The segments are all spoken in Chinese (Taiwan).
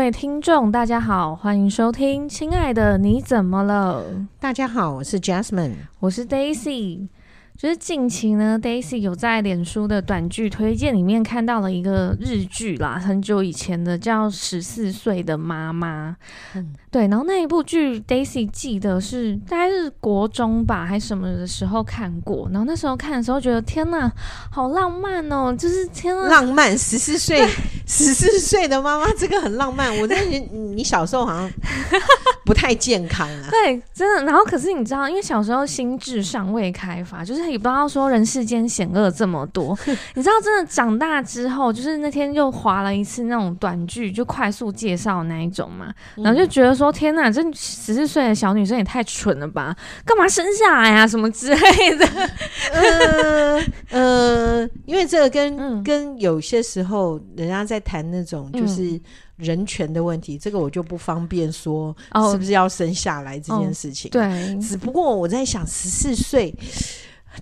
各位聽眾，大家好，歡迎收聽《親愛的，你怎麼了》。大家好，我是 Jasmine，我是 Daisy。就是近期呢，Daisy 有在臉書的短劇推薦裡面看到了一個日劇啦，很久以前的叫14的媽媽《十四歲的媽媽》，對，然後那一部劇 Daisy 記得是大概是國中吧，還是什麼的時候看過，然後那時候看的時候覺得天哪，好浪漫哦、喔，就是天哪浪漫十四歲十四歲的媽媽， 這個很浪漫。我在你你小時候好像不太健康啊， 對，真的。然後可是你知道，因為小時候心智尚未開發，就是。你不要說人世間險惡這麼多，你知道真的長大之後，就是那天又滑了一次那種短劇，就快速介紹那一種嘛、嗯，然後就覺得說天哪，這十四歲的小女生也太蠢了吧，干嘛生下來呀、啊，什麼之類的。嗯、呃呃，因為這個跟、嗯、跟有些時候人家在談那種就是人權的問題、嗯，這個我就不方便說是不是要生下來這件事情。哦哦、對，只不過我在想十四歲。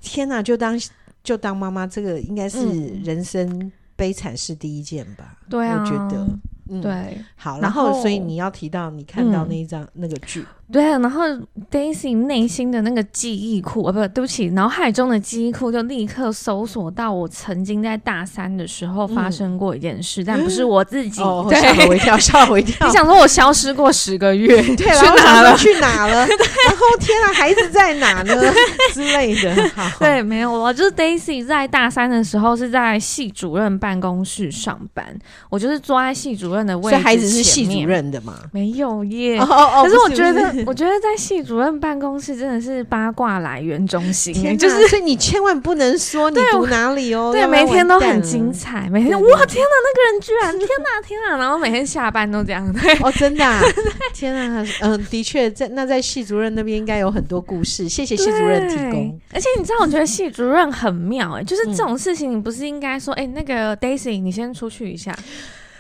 天哪、啊，就當就當媽媽，這個應該是人生悲慘是第一件吧？對、嗯，我覺得，對、啊，嗯、對好，然後，然後所以你要提到你看到那一張、嗯、那個劇。對、啊，然後 Daisy 內心的那個記憶庫啊，不，對不起，腦海中的記憶庫就立刻搜索到我曾經在大三的時候發生過一件事，嗯、但不是我自己、嗯哦對。嚇我一跳，嚇我一跳！ 你想說我消失過十個月？對，去哪了？去哪了？ 然後天啊，孩子在哪呢？ 之類的好。對，沒有，我就是 Daisy 在大三的時候是在系主任辦公室上班，我就是坐在系主任的位置，所以孩子是系主任的嘛？沒有耶。哦哦哦！可是我覺得。 我覺得在系主任辦公室真的是八卦來源中心、欸，就是你千萬不能說 你讀哪裡哦。對，要要每天都很精彩，嗯、每天對對對哇，天哪，那個人居然天哪天哪，天哪，然後每天下班都這樣。對哦，真的、啊 對，天哪，嗯、呃，的確，在那在系主任那邊應該有很多故事。謝謝系主任提供。 而且你知道，我覺得系主任很妙、欸，哎，就是這種事情，你不是應該說，哎、嗯欸，那個 Daisy，你先出去一下。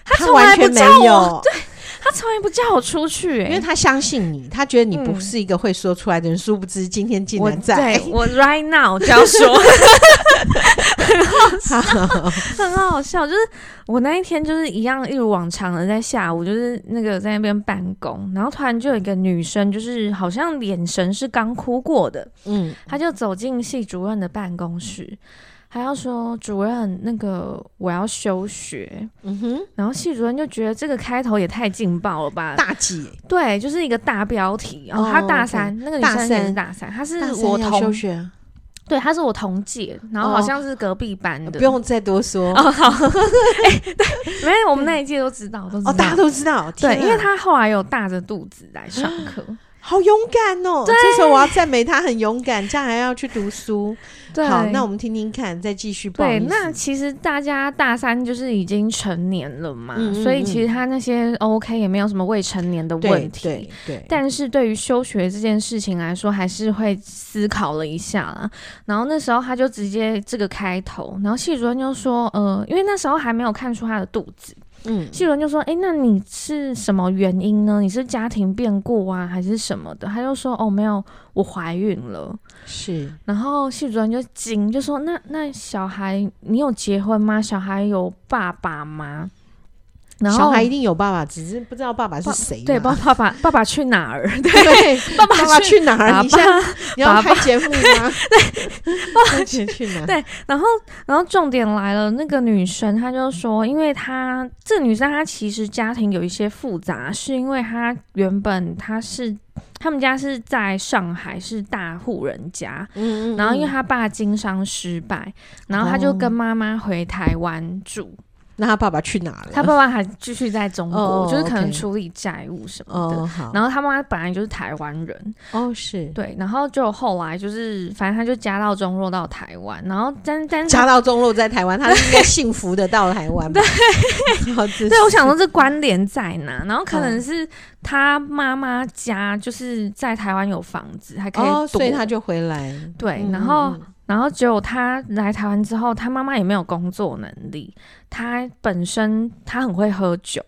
他完全沒有。他從來不叫我出去、欸，因為他相信你，他覺得你不是一個會說出來的人。嗯、殊不知，今天竟然在我，對我 right now 就要說 很好笑好，很好笑。就是我那一天，就是一樣，一如往常的在下午，就是那個在那邊辦公、嗯，然後突然就有一個女生，就是好像眼神是剛哭過的，嗯，她就走進系主任的辦公室。還要說，主任，那個我要休學。嗯哼，然後系主任就覺得這個開頭也太勁爆了吧，大姐。對，就是一個大標題。哦，他、哦、大三，那個女生也是大三，他是我同、同學，對，他是我同屆，然後好像是隔壁班的，哦哦、不用再多說。哦，好， 哎，對，沒有，我們那一屆都知、道都知道，哦，大家都知道，對，因為他後來有大着肚子來上課。嗯好勇敢哦！對，這時候我要讚美他很勇敢，這樣還要去讀書。對，好，那我們聽聽看，再繼續。對，那其實大家大三就是已經成年了嘛、嗯，所以其實他那些 OK 也沒有什麼未成年的問題。對，對對，但是對於休學這件事情來說，還是會思考了一下啦，然後那時候他就直接這個開頭，然後系主任就說：“呃，因為那時候還沒有看出他的肚子。”嗯，系主任就說：“哎、欸，那你是什麼原因呢？你是家庭變故啊，還是什麼的？”他就說：“哦，沒有，我懷孕了。”是。然後系主任就驚，就說：“那那小孩，你有結婚嗎？小孩有爸爸嗎？”然後小孩一定有爸爸，只是不知道爸爸是誰。對，爸爸，爸爸去哪兒？對，對爸，爸，爸爸去哪兒？你現在爸爸，你要拍節目嗎？爸爸 對，爸爸去哪兒？對，然後，然後重點來了，那個女生她就說，因為她、嗯、她這女生她其實家庭有一些複雜，是因為她原本她是他們家是在上海是大戶人家、嗯嗯，然後因為她爸經商失敗，嗯、然後她就跟媽媽回台灣住。嗯那他爸爸去哪了？他爸爸還繼續在中國、哦，就是可能處理債務什麼的。哦 okay 哦、然後他媽本來就是台灣人。哦，是對。然後就後來就是，反正他就家道中落到台灣。然後，但但是家道中落在台灣，他是應該幸福的到台灣吧。 對，對，我想說這關聯在哪？然後可能是他媽媽家就是在台灣有房子，還可以、哦，所以他就回來。對，然後。嗯然後只有他來台灣之後，他媽媽也沒有工作能力。他本身他很會喝酒，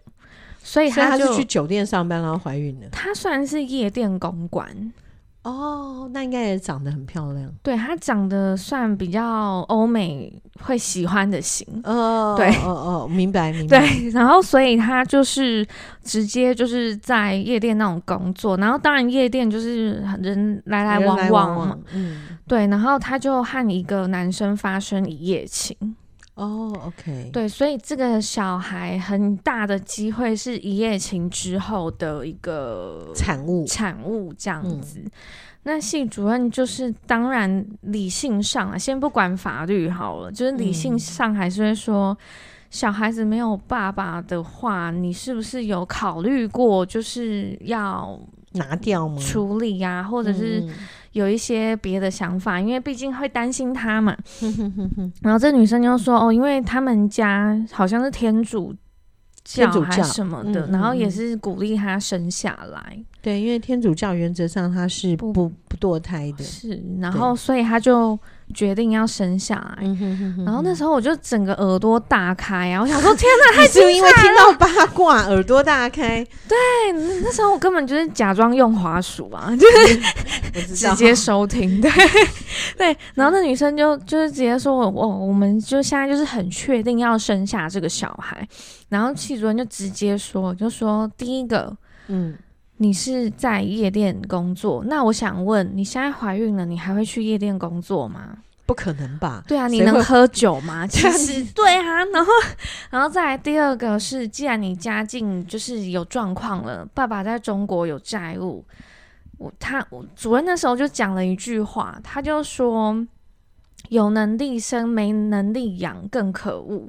所以他就，所以他去酒店上班，然後懷孕了。他雖然是夜店公關。哦，那應該也長得很漂亮。對，她長得算比較歐美會喜歡的型。哦，對，哦哦，明白明白。對，然後所以她就是直接就是在夜店那種工作，然後當然夜店就是人來來往往嘛。嗯，對，然後她就和一個男生發生一夜情。哦、oh，OK，對，所以這個小孩很大的機會是一夜情之後的一個產物，產物這樣子。嗯、那系主任就是當然理性上，啊，先不管法律好了，就是理性上還是會說，嗯、小孩子沒有爸爸的話，你是不是有考慮過就是要拿掉嗎？處理呀，啊，或者是。嗯有一些別的想法，因為畢竟會擔心他嘛。 然後這女生就說：“哦，因為他們家好像是天主教還什麼的，然後也是鼓勵他生下來。嗯嗯嗯。對，因為天主教原則上他是不不，不墮胎的。是，然後所以他就。”決定要生下來，嗯哼哼哼，然後那時候我就整個耳朵大開啊！ 我想說，天哪，他就因為聽到八卦 耳朵大開。對那，那時候我根本就是假裝用滑鼠啊， 就是 直接收聽。對 對、嗯，然後那女生就就是直接說：“我、哦、我我們就現在就是很確定要生下這個小孩。”然後戚主任就直接說：“就說第一個，嗯。”你是在夜店工作，那我想問，你現在懷孕了，你還會去夜店工作嗎？不可能吧？對啊，你能喝酒嗎？就是對啊，然後，然後再來第二個是，既然你家境就是有狀況了，爸爸在中國有債務，我他我主任那時候就講了一句話，他就說，有能力生，沒能力養，更可惡。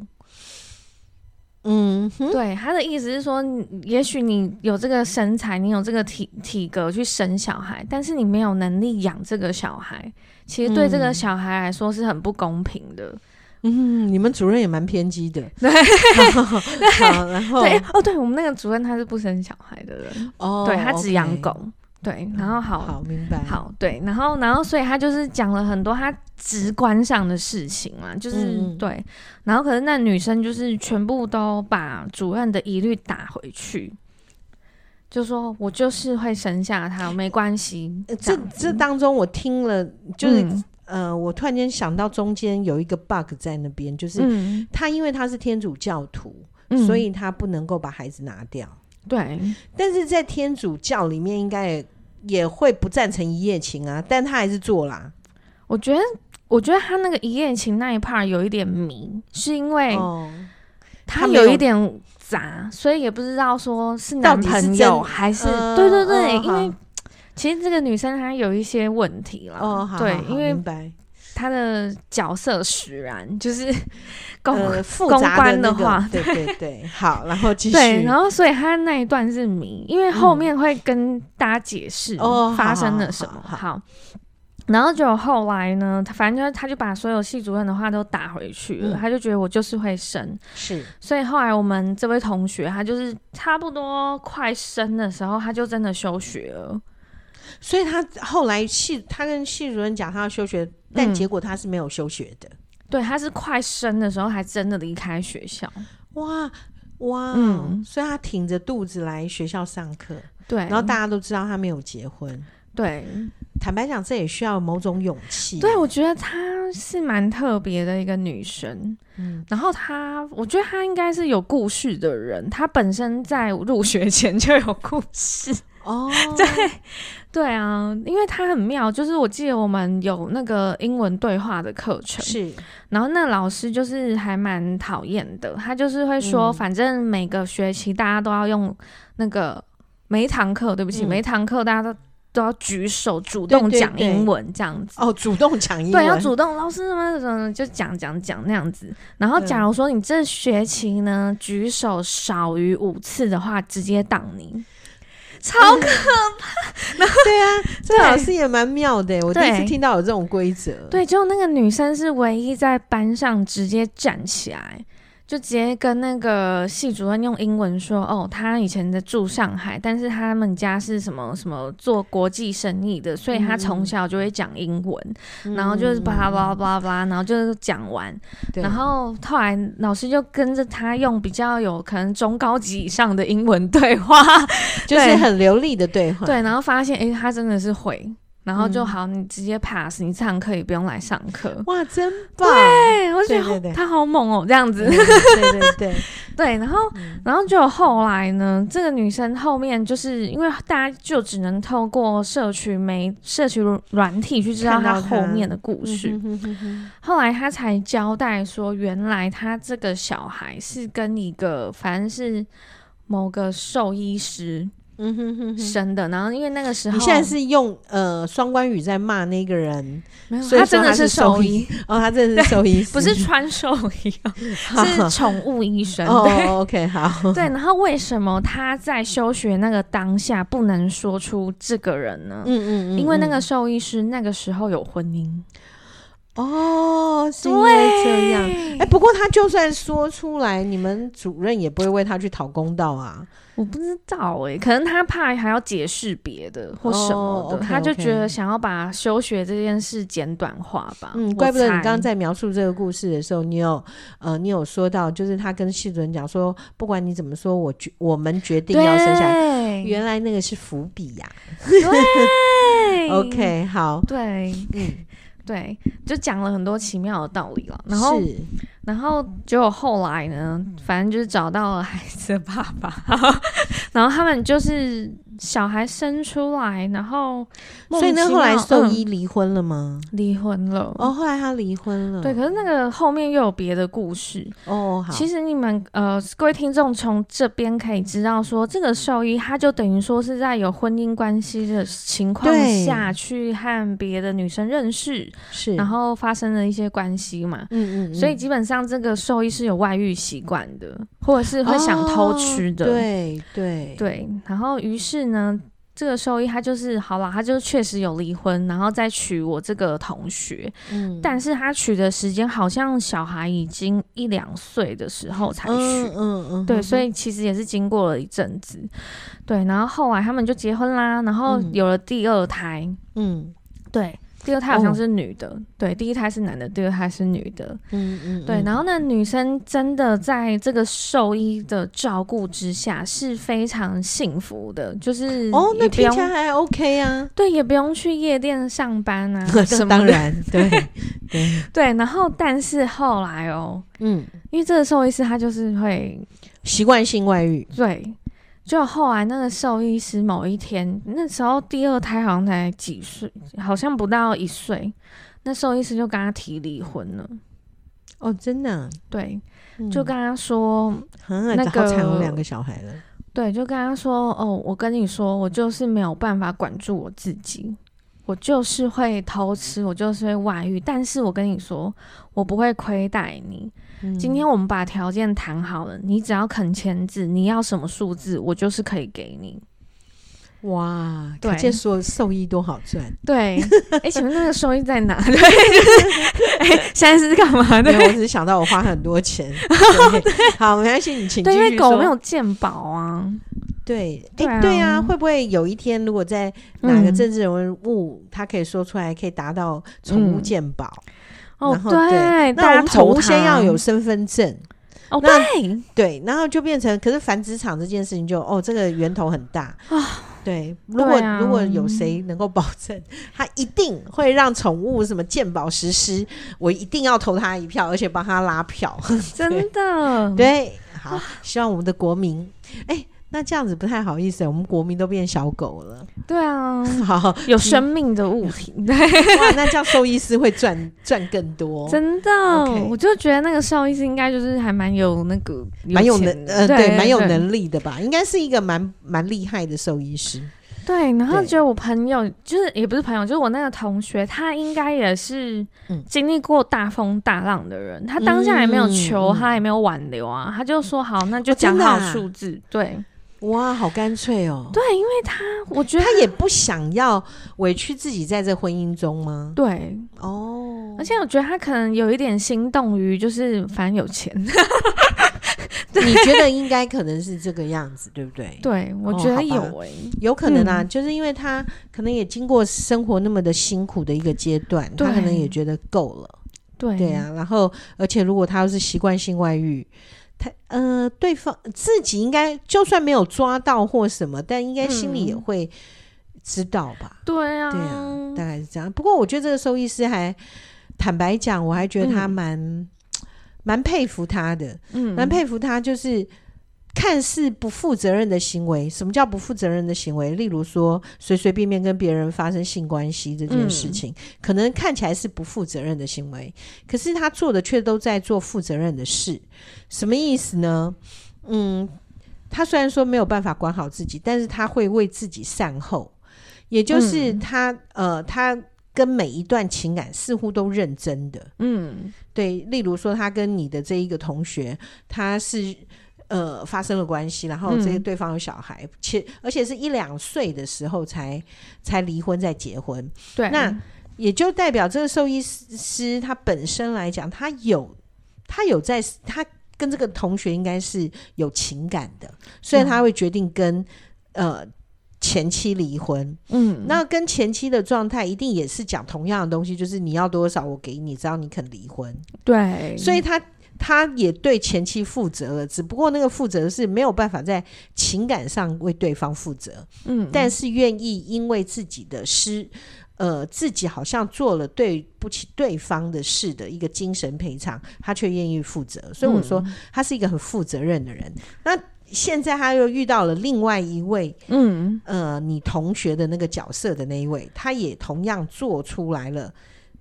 嗯哼，對，他的意思是說，也許你有這個身材，你有這個體體格去生小孩，但是你沒有能力養這個小孩，其實對這個小孩來說是很不公平的。嗯，你們主任也蠻偏激的。對，好， 對。好，然後對哦，對我們那個主任他是不生小孩的人，哦，對他只養狗。Okay 對，然後好，嗯、好，好明白，好，對，然後然後，所以他就是講了很多他直觀上的事情嘛，就是、嗯、對，然後可是那女生就是全部都把主任的疑慮打回去，就說我就是會生下他，嗯、沒關係。這、呃、這、這當中我聽了，就是、嗯、呃，我突然間想到中間有一個 bug 在那邊，就是、嗯、他因為他是天主教徒，嗯、所以他不能夠把孩子拿掉。對，但是在天主教裡面應該也也會不贊成一夜情啊，但他還是做啦。我覺得，我覺得他那個一夜情那一 part 有一點迷，是因為他有一點雜，所以也不知道說是，是到底是真還是、呃、對對對、哦，因為其實這個女生她有一些問題了、哦，對，因為她的角色使然就是。 公呃、那個，公關的話，那個、對對對， 好，然後繼續。對，然後所以他那一段是謎，因為後面會跟大家解釋發生了什麼、嗯哦好好好好。好，然後就後來呢，他反正就他就把所有系主任的話都打回去了、嗯，他就覺得我就是會生。是，所以後來我們這位同學，他就是差不多快生的時候，他就真的休學了。所以他後來系他跟系主任講他要休學，但結果他是沒有休學的。嗯對，她是快生的時候還真的離開學校，哇哇，嗯，所以她挺着肚子來學校上課，對，然後大家都知道她沒有結婚，對，坦白講這也需要某種勇氣，對，我覺得她是蠻特別的一個女生，嗯，然後她，我覺得她應該是有故事的人，她本身在入學前就有故事哦， 對。對啊，因為他很妙，就是我記得我們有那個英文對話的課程，是。然後那老師就是還蠻討厭的，他就是會說，反正每個學期大家都要用那個，每一堂課，對不起，嗯、每一堂課大家都都要舉手主動講英文這樣子。對對對。哦，主動講英文對、啊，要主動。老師什麼什麼、什麼、什麼就講講講那樣子。然後假如說你這學期呢，舉手少於五次的話，直接擋你。超可怕、嗯！ 然後對啊，這老師也蠻妙的、欸。我第一次聽到有這種規則。對，就那個女生是唯一在班上直接站起來、欸。就直接跟那個系主任用英文說：“哦，他以前在住上海，但是他們家是什麼什麼做國際生意的，所以他從小就會講英文、嗯。然後就是巴拉巴拉巴拉巴拉，然後就是講完。然後後來老師就跟着他用比較有可能中高級以上的英文對話， 就是很流利的對話。對，對，然後發現，誒、欸，他真的是會。”然後就好，嗯，你直接 pass，你這堂課也不用來上課。哇，真棒！對，我覺得好對對對他好猛哦，喔，這樣子。 對對對對，對。然後，然後就後來呢，這個女生後面就是因為大家就只能透過社群媒、社群軟體去知道她後面的故事。嗯、哼哼哼，後來她才交代說，原來她這個小孩是跟一個，反正是某個獸醫師。嗯哼哼，哼，生的，然後因為那個時候，你現在是用呃雙關語在罵那個人，沒有，所以他，他真的是獸醫哦，他真的是獸醫，不是穿獸醫、哦， 是寵物醫生。哦、 oh,，OK，好，對，然後為什麼他在休學那個當下不能說出這個人呢？嗯嗯，嗯，嗯，因為那個獸醫師那個時候有婚姻。哦，是因為這樣。哎、欸，不過他就算說出來，你們主任也不會為他去討公道啊。我不知道哎、欸，可能他怕還要解釋別的或什麼的、哦 okay, okay，他就覺得想要把休學這件事簡短化吧。嗯，怪不得你剛剛在描述這個故事的時候，你有呃，你有說到，就是他跟系主任講說，不管你怎麼說，我決我們決定要生下來。對，原來那個是伏筆呀、啊。對 ，OK，好，對，嗯。對，就講了很多奇妙的道理了。然後，然後就後來呢，反正就是找到了孩子的爸爸， 然後他們就是。小孩生出來，然後所以那後來獸醫離婚了嗎？嗯、離婚了。哦，後來他離婚了。對，可是那個後面又有別的故事。哦，好。其實你們呃，各位聽眾從這邊可以知道說，說這個獸醫他就等於說是在有婚姻關係的情況下去和別的女生認識，是，然後發生了一些關係嘛。嗯嗯。所以基本上這個獸醫是有外遇習慣的，或者是會想偷吃的。的、哦、對對對。然後於是。但是呢，這個收益，他就是好了，他就確實有離婚，然後再娶我這個同學，嗯，但是他娶的時間好像小孩已經一兩歲的時候才娶，嗯嗯嗯，嗯，對，所以其實也是經過了一陣子，對，然後後來他們就結婚啦，然後有了第二胎，嗯，對。第二胎好像是女的，哦、對，第一胎是男的，第二胎是女的，嗯嗯，對。然後那、嗯、女生真的在這個獸醫的照顧之下是非常幸福的，就是哦，那平常還 OK 啊，對，也不用去夜店上班啊，那當然，對 對對。然後，但是後來哦、喔，嗯，因為這個獸醫師他就是會習慣性外遇，對。就後來那個獸醫師某一天，那時候第二胎好像才幾歲，好像不到一歲，那獸醫師就跟他提離婚了。哦，真的？對，就跟他說，嗯、那個高產有兩個小孩了。對，就跟他說，哦，我跟你說，我就是沒有辦法管住我自己。我就是會偷吃，我就是會外遇。但是我跟你說，我不會虧待你。嗯。今天我們把條件談好了，你只要肯簽字，你要什麼數字，我就是可以給你。哇，感謝說收益多好賺，對。哎、 欸，請問那個收益在哪？ 對。哎，就是欸，現在是幹嘛？對，我只是想到我花很多錢。 好，沒關係，你請。對，因為狗沒有健保啊。對，哎、欸啊，對啊，會不會有一天，如果在哪個政治人物、嗯、他可以說出來，可以達到寵物健保、嗯？哦，然後對，那我們首先要有身份證。哦、okay，對，對，然後就變成，可是繁殖場這件事情就哦，這個源頭很大啊。對，如果、啊、如果有誰能夠保證他一定會讓寵物什麼健保實施，我一定要投他一票，而且幫他拉票。真的 對，對，好，希望我們的國民，哎。欸那這樣子不太好意思、欸，我們國民都變小狗了。對啊， 好有生命的物體。嗯、對，哇那叫獸醫師會賺賺 更多。真的、okay，我就覺得那個獸醫師應該就是還蠻有那個蠻有,有能呃，對,對,對,對，蠻有能力的吧？應該是一個蠻蠻厲害的獸醫師。對，然後覺得我朋友就是也不是朋友，就是我那個同學，他應該也是經歷過大風大浪的人。嗯、他當下也沒有求，嗯、他也沒有挽留啊，他就說好，那就講好數字、哦啊。對。哇，好乾脆哦！對，因為他我覺得他也不想要委屈自己在這婚姻中嗎？對，哦，而且我覺得他可能有一點心動於，就是反正有錢 對，你覺得應該可能是這個樣子，對不對？對，我覺得有、欸哦、有可能啊、嗯，就是因為他可能也經過生活那麼的辛苦的一個階段，他可能也覺得夠了。對，對啊。然後，而且如果他要是習慣性外遇。他呃，對方自己應該就算沒有抓到或什麼，但應該心裡也會知道吧？嗯、對啊，對啊，大概是這樣。不過我覺得這個收益師還坦白講，我還覺得他蠻、嗯、蠻佩服他的，嗯，蠻佩服他，就是。看似不負責任的行為，什麼叫不負責任的行為？例如說，隨隨便便跟別人發生性關係這件事情，嗯，可能看起來是不負責任的行為，可是他做的卻都在做負責任的事。什麼意思呢？嗯，他雖然說沒有辦法管好自己，但是他會為自己善後，也就是他，嗯、呃，他跟每一段情感似乎都認真的。嗯，對，例如說他跟你的這一個同學，他是。呃，發生了關係，然後這些對方有小孩，且、嗯、而且是一兩歲的時候才才離婚再結婚。對，那也就代表這個獸醫師他本身來講，他有他有在，他跟這個同學應該是有情感的，所以他會決定跟、嗯、呃前妻離婚。嗯，那跟前妻的狀態一定也是講同樣的東西，就是你要多少我給你，只要你肯離婚。對，所以他。他也對前妻負責了，只不過那個負責是沒有辦法在情感上為對方負責，嗯，但是願意因為自己的失，呃，自己好像做了對不起對方的事的一個精神賠償，他卻願意負責，所以我說他是一個很負責任的人。嗯，那現在他又遇到了另外一位，嗯，呃，你同學的那個角色的那一位，他也同樣做出來了，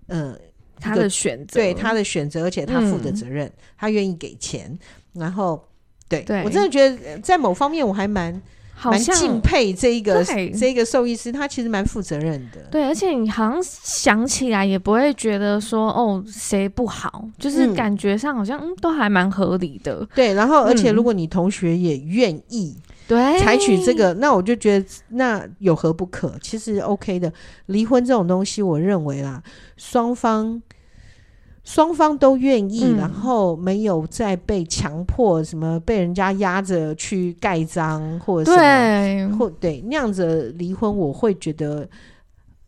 呃。他的選擇，對他的選擇，而且他負的責任，嗯、他願意給錢，然後，對，對我真的覺得在某方面我還蠻，蠻敬佩這一個這一個獸醫師，他其實蠻負責任的。對，而且你好像想起來也不會覺得說哦，誰不好，就是感覺上好像嗯，嗯都還蠻合理的。對，然後而且如果你同學也願意對、嗯、採取這個，那我就覺得那有何不可？其實 OK 的，離婚這種東西，我認為啦，雙方。雙方都願意、嗯，然後沒有再被強迫，什麼被人家壓着去蓋章或者是，或對那樣子離婚，我會覺得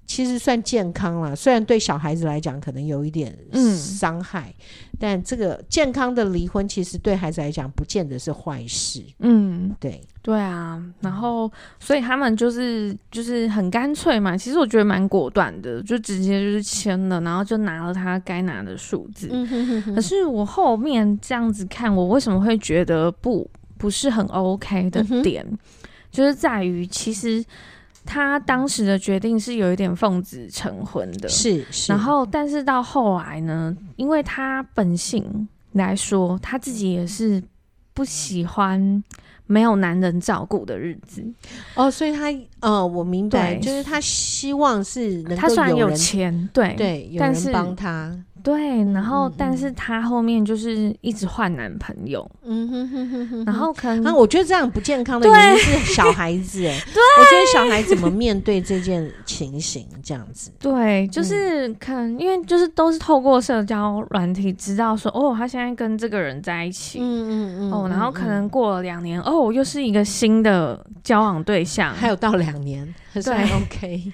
其實算健康啦，雖然對小孩子來講可能有一點傷害，嗯、但這個健康的離婚其實對孩子來講不見得是壞事。嗯，對。對啊，然後所以他們就是就是很乾脆嘛，其實我覺得蠻果斷的，就直接就是簽了，然後就拿了他該拿的數字。嗯、哼哼哼，可是我後面這樣子看，我為什麼會覺得不不是很 OK 的點，嗯、就是在於其實他當時的決定是有一點奉子成婚的是，是，然後但是到後來呢，因為他本性來說，他自己也是。不喜歡沒有男人照顧的日子哦，所以他呃，我明白，就是他希望是能夠他雖然有錢，對對，有人幫他。但是對，然後但是他後面就是一直換男朋友，嗯哼哼哼哼，然後可能，那、啊、我覺得這樣不健康的原因是小孩子、欸，對，我覺得小孩怎麼面對這件情形這樣子？對，就是可能，嗯、因為就是都是透過社交軟體知道說，哦，他現在跟這個人在一起，嗯嗯嗯，哦，然後可能過了兩年、嗯，哦，我又是一個新的交往對象，還有到兩年，對，還 OK，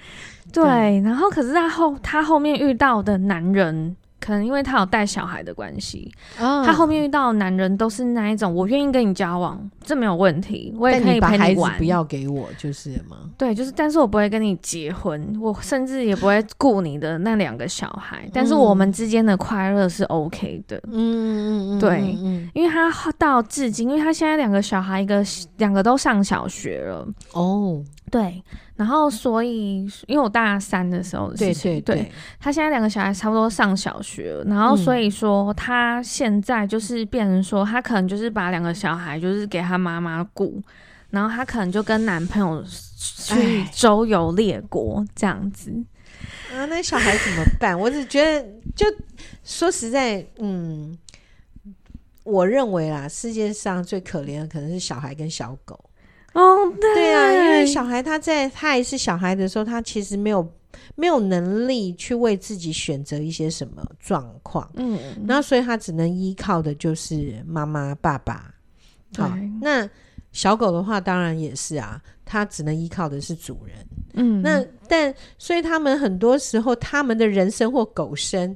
對， 對，對，然後可是他後他後面遇到的男人。可能因為他有帶小孩的關係、哦，他後面遇到的男人都是那一種，我願意跟你交往，這沒有問題，我也可以把孩子，不要給我就是嗎？對，就是，但是我不會跟你結婚，我甚至也不會顧你的那兩個小孩、嗯，但是我們之間的快樂是 OK 的。嗯嗯，對、嗯嗯嗯，因為他到至今，因為他現在兩個小孩，一個兩個都上小學了。哦，對。然後，所以，因為我大三的時候的事情，對對對，對，他現在兩個小孩差不多上小學，然後，所以說、嗯、他現在就是變成說，他可能就是把兩個小孩就是給他媽媽顧，然後他可能就跟男朋友去周遊列國這樣子。啊，那小孩怎麼辦？ 我只覺得，就說實在，嗯，我認為啦，世界上最可憐的可能是小孩跟小狗。哦、oh，對啊，因為小孩他在他還是小孩的時候，他其實沒有沒有能力去為自己選擇一些什麼狀況，嗯，然後所以他只能依靠的就是媽媽、爸爸。好，那小狗的話當然也是啊，它只能依靠的是主人。嗯，那但所以他們很多時候，他們的人生或狗生，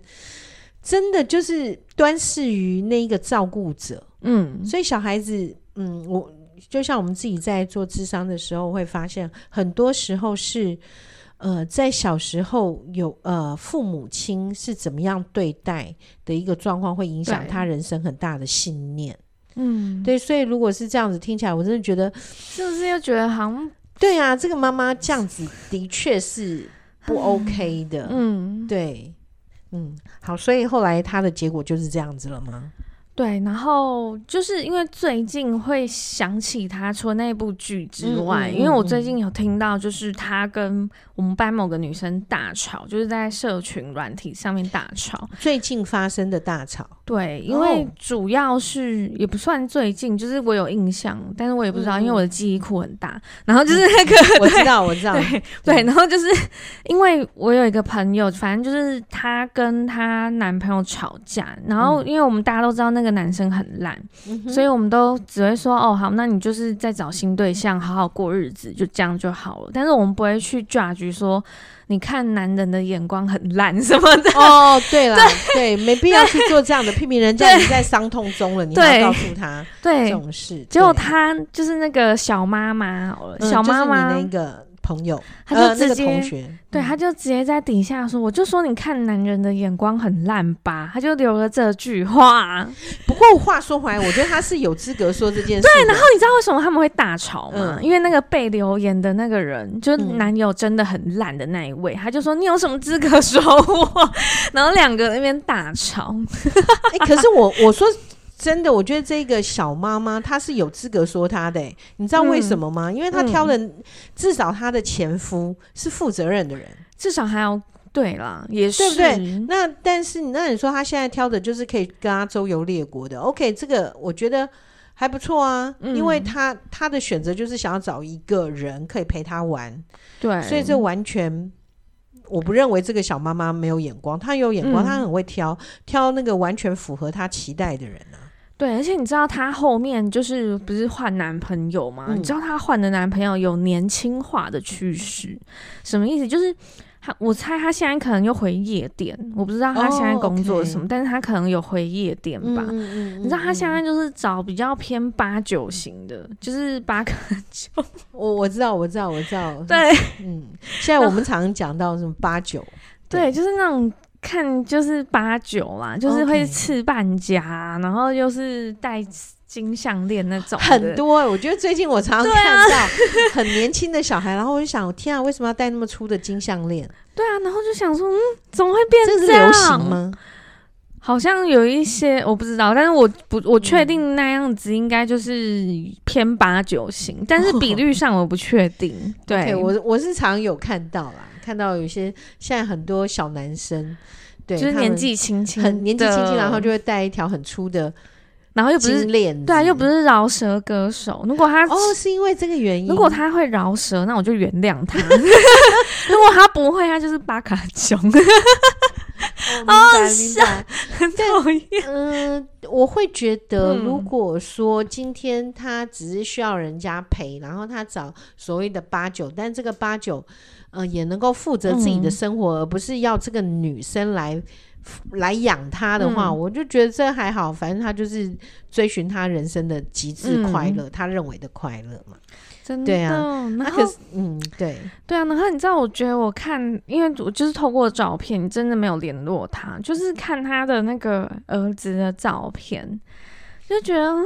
真的就是端視於那一個照顧者。嗯，所以小孩子，嗯，我。就像我們自己在做諮商的時候，會發現很多時候是，呃，在小時候有呃父母親是怎麼樣對待的一個狀況，會影響他人生很大的信念。嗯，對，所以如果是這樣子聽起來，我真的覺得是不是又覺得好像對啊，這個媽媽這樣子的確是不 OK 的。嗯，對，嗯，好，所以後來他的結果就是這樣子了嗎？對，然後就是因為最近會想起他除了那部劇之外，嗯，因為我最近有聽到，就是他跟我們班某個女生大吵，就是在社群軟體上面大吵。最近發生的大吵，對，因為主要是也不算最近，就是我有印象，哦，但是我也不知道，嗯，因為我的記憶庫很大。然後就是那個，嗯，我知道，我知道，對，對然後就是因為我有一個朋友，反正就是她跟她男朋友吵架，然後因為我們大家都知道那個。那個男生很爛、嗯，所以我們都只會說：“哦，好，那你就是再找新對象，好好過日子，就這樣就好了。”但是我們不會去 judge 說，你看男人的眼光很爛什麼的。哦，對啦，對，沒必要去做這樣的批評。人家已經在傷痛中了，你要告訴他，對這種事。結果他就是那個小媽媽、嗯，小媽媽、就是、那個。朋友，他就直接同學，對、嗯，他就直接在底下說，我就說你看男人的眼光很爛吧，他就留了這句話。不過話說回來， 我覺得他是有資格說這件事。對，然後你知道為什麼他們會大吵嗎、嗯？因為那個被留言的那個人，就男友真的很爛的那一位，嗯、他就說你有什麼資格說我？ 然後兩個那邊大吵 、欸。可是我我說。真的，我覺得這個小媽媽她是有資格說她的、欸，你知道為什麼嗎？嗯、因為她挑的、嗯、至少她的前夫是負責任的人，至少還要對了，也是對不對？那但是那你說她現在挑的就是可以跟她周遊列國的，OK，這個我覺得還不錯啊，嗯、因為她她的選擇就是想要找一個人可以陪她玩，對，所以這完全我不認為這個小媽媽沒有眼光，她有眼光，嗯、她很會挑，挑那個完全符合她期待的人啊。對，而且你知道她後面就是不是換男朋友嗎？嗯、你知道她換的男朋友有年輕化的趨勢、嗯，什麼意思？就是她，我猜她現在可能又回夜店，嗯、我不知道她現在工作是什麼，哦 okay、但是她可能有回夜店吧。嗯嗯嗯、你知道她現在就是找比較偏八九型的，嗯、就是八個九。我我知道，我知道，我知道。對，嗯，現在我們常講到什麼八九？對，對就是那種。看就是八九啦，就是會刺半甲，okay. 然後又是戴金項鏈那種。很多欸，我覺得最近我常常看到很年輕的小孩， 然後我就想，天啊，為什麼要戴那麼粗的金項鏈？對啊，然後就想說，嗯，怎麼會變這樣？這是流行嗎？好像有一些我不知道，但是我不，我確定那樣子應該就是偏八九型，嗯，但是比率上我不確定。Oh. 對 okay, 我，我是常有看到啦。看到有些現在很多小男生，對，就是年紀輕輕，很年紀輕輕，然後就會帶一條很粗的，然後又不是鏈，對啊，又不是饒舌歌手。如果他哦是因為這個原因，如果他會饒舌，那我就原諒他； 如果他不會，他就是巴卡熊。 哦，oh, 明白很討厭。嗯、呃，我會覺得，如果說今天他只是需要人家陪、嗯，然後他找所謂的八九，但這個八九，呃，也能夠負責自己的生活，嗯、而不是要這個女生來來養他的話、嗯，我就覺得這還好。反正他就是追尋他人生的極致快樂，嗯、他認為的快樂嘛。真的，對啊，然後可是嗯，對，對啊，然後你知道，我覺得我看，因為我就是透過照片，真的沒有聯絡他，就是看他的那個兒子的照片，就覺得嗯，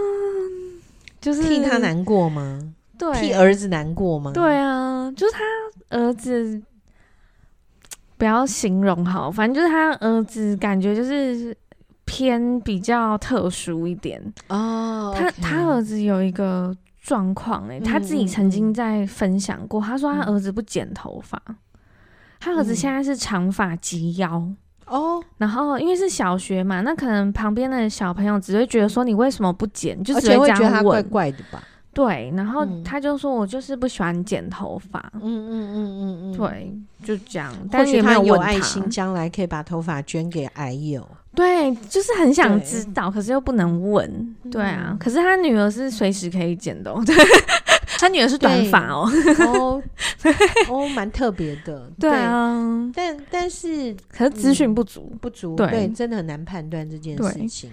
就是替他難過嗎？對，替兒子難過嗎？對啊，就是他兒子，不要形容好，反正就是他兒子，感覺就是偏比較特殊一點哦。Oh, okay. 他他兒子有一個。狀況欸，他自己曾經在分享過，嗯、他說他兒子不剪頭髮，嗯，他兒子現在是長髮及腰，嗯、哦，然後因為是小學嘛，那可能旁邊的小朋友只會覺得說你為什麼不剪，就只會這樣問，而且會覺得他怪怪的吧？對，然後他就說，我就是不喜歡剪頭髮，嗯嗯嗯嗯嗯，對，就這樣，嗯嗯嗯嗯、但是他，他，他有愛心，將來可以把頭髮捐給癌友。對，就是很想知道，可是又不能問。對啊，嗯、可是他女兒是隨時可以剪的、哦對嗯，他女兒是短髮哦，哦，蠻、 oh, oh, 特別的。 對啊， 但但是，可是資訊不足、嗯，不足，對，真的很難判斷這件事情。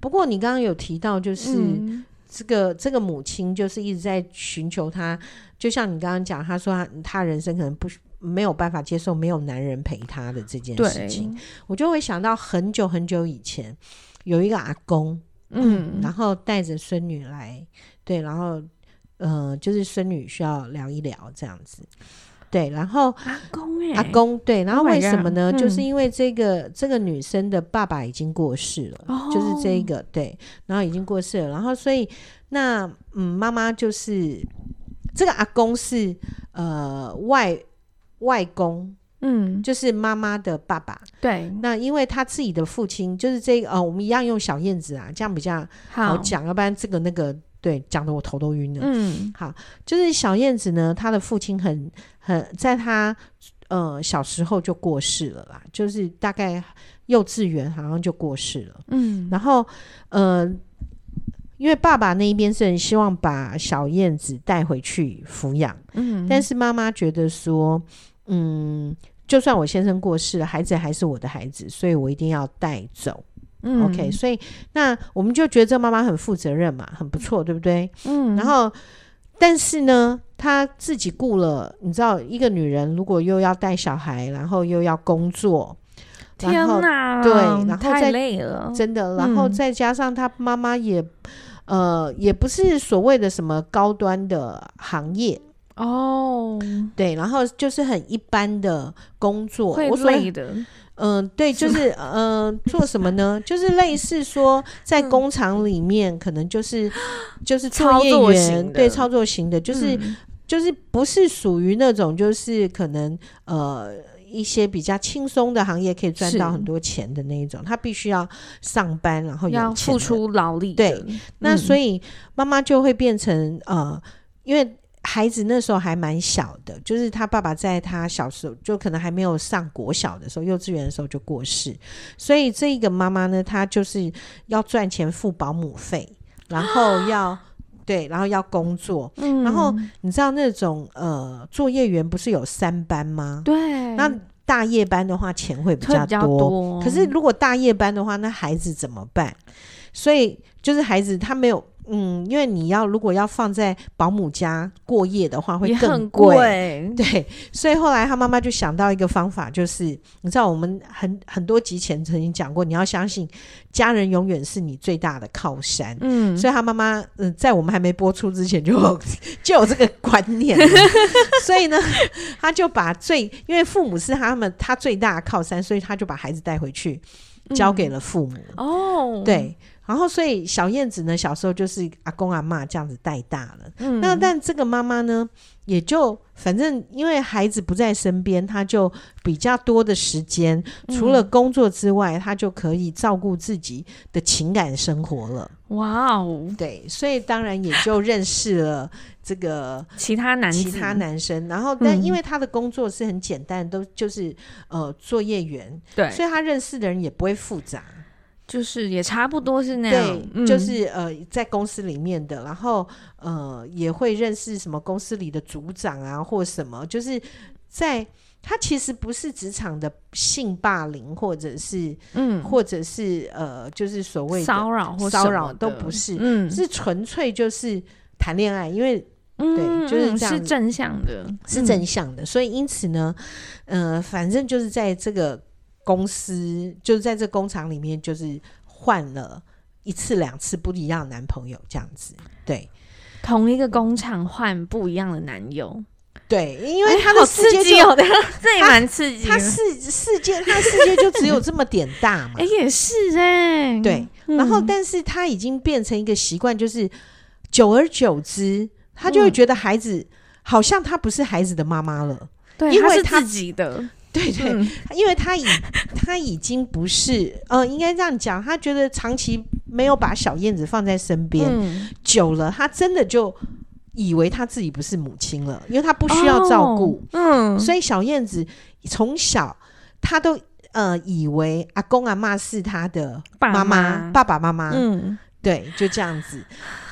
不過你剛剛有提到，就是、嗯、這個這個母親就是一直在尋求他，就像你剛剛講，他說她他人生可能不。沒有辦法接受沒有男人陪她的這件事情。對，我就會想到很久很久以前有一個阿公嗯，嗯，然後帶着孫女來，對，然後呃，就是孫女需要聊一聊這樣子，對，然後阿公哎，阿公、欸、阿公，對，然後為什麼呢？Oh my God, 嗯、就是因為這個這個女生的爸爸已經過世了，嗯、就是這個，對，然後已經過世了，然後所以那嗯，媽媽就是這個阿公是呃外。外公，嗯，就是媽媽的爸爸，對。那因為他自己的父親，就是這個，呃，我們一樣用小燕子啊，這樣比較好講，要不然這個那個，對，講得我頭都暈了。嗯，好，就是小燕子呢，她的父親很很，在她呃小時候就過世了啦，就是大概幼稚園好像就過世了。嗯，然後呃。因為爸爸那一邊是很希望把小燕子帶回去撫養，嗯，但是媽媽覺得說，嗯，就算我先生過世了，孩子還是我的孩子，所以我一定要帶走。嗯，OK，所以那我們就覺得這媽媽很負責任嘛，很不錯，對不對？嗯，然後但是呢，她自己僱了，你知道，一個女人如果又要帶小孩，然後又要工作，然後天哪，對，然後再太累了，真的，然後再加上她媽媽也。嗯呃，也不是所謂的什麼高端的行業哦，對，然後就是很一般的工作，會累的。嗯、呃，對，就是，是呃，做什麼呢？就是類似說在工廠裡面，可能就是、嗯、就是業操作員，對，操作型的，就是、嗯、就是不是屬於那種就是可能呃。一些比較輕鬆的行業可以賺到很多錢的那一種，他必須要上班，然後要付出勞力。對、嗯，那所以媽媽就會變成呃，因為孩子那時候還蠻小的，就是他爸爸在他小時候就可能還沒有上國小的時候，幼稚園的時候就過世，所以這一個媽媽呢，她就是要賺錢付保姆費，然後要、啊。對，然後要工作，嗯、然後你知道那種呃，作業員不是有三班嗎？對，那大夜班的話錢會比較多，比較多哦、可是如果大夜班的話，那孩子怎麼辦？所以就是孩子他沒有。嗯，因為你要如果要放在保姆家過夜的話，會更貴。對，所以後來他媽媽就想到一個方法，就是你知道，我們很很多集前曾經講過，你要相信家人永遠是你最大的靠山。嗯，所以他媽媽嗯，在我們還沒播出之前就就有這個觀念了， 所以呢，他就把最因為父母是他們他最大的靠山，所以他就把孩子帶回去、嗯、交給了父母。哦，對。然後，所以小燕子呢，小時候就是阿公阿媽這樣子帶大了。嗯、那但這個媽媽呢，也就反正因為孩子不在身邊，她就比較多的時間、嗯，除了工作之外，她就可以照顧自己的情感生活了。哇哦，對，所以當然也就認識了這個 其他男其他男生。然後，但因為他的工作是很簡單，嗯、都就是呃，作業員，對，所以他認識的人也不會複雜。就是也差不多是那樣，對。嗯、就是呃，在公司裡面的，然後呃也會認識什麼公司裡的組長啊，或什麼，就是在他其實不是職場的性霸凌，或者是嗯，或者是呃，就是所謂騷擾或騷擾都不是，嗯，是純粹就是談戀愛，因為、嗯、對，就是這樣、嗯，是正向的，是正向的、嗯，所以因此呢，呃，反正就是在這個。公司就是在這工廠裡面，就是換了一次兩次不一樣的男朋友這樣子。對，同一個工廠換不一樣的男友。對，因為他的世界有的，蠻、欸、刺激。 他世世界，他世界就只有這麼點大嘛。哎、 欸，也是哎、欸。對、嗯，然後但是他已經變成一個習慣，就是久而久之，他就會覺得孩子、嗯、好像他不是孩子的媽媽了。對，因為他，他是自己的。對對、嗯，因為他已他已經不是呃，應該這樣講，他覺得長期沒有把小燕子放在身邊、嗯、久了，他真的就以為他自己不是母親了，因為他不需要照顧。哦、嗯，所以小燕子從小他都呃以為阿公阿媽是他的媽媽，爸，媽爸爸媽媽。嗯，對，就這樣子。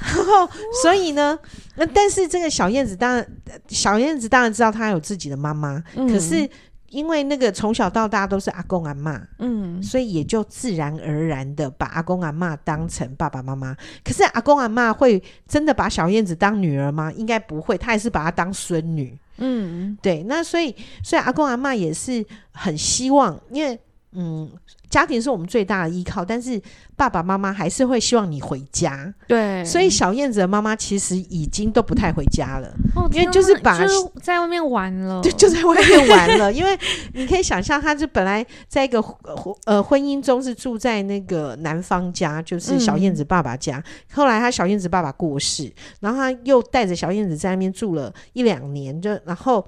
然後所以呢，那、呃、但是這個小燕子當然小燕子當然知道她有自己的媽媽，嗯、可是。因為那個從小到大都是阿公阿媽，嗯，所以也就自然而然的把阿公阿媽當成爸爸媽媽。可是阿公阿媽會真的把小燕子當女兒嗎？應該不會，她還是把她當孫女。嗯，對。那所以，所以阿公阿媽也是很希望，因為。嗯，家庭是我們最大的依靠，但是爸爸媽媽還是會希望你回家。對，所以小燕子的媽媽其實已經都不太回家了，因、哦、為就是把在外面玩了，就在外面玩了。玩了 因為你可以想象，她是本來在一個呃婚姻中是住在那個男方家，就是小燕子爸爸家。嗯、後來她小燕子爸爸過世，然後他又帶着小燕子在那邊住了一兩年，就然後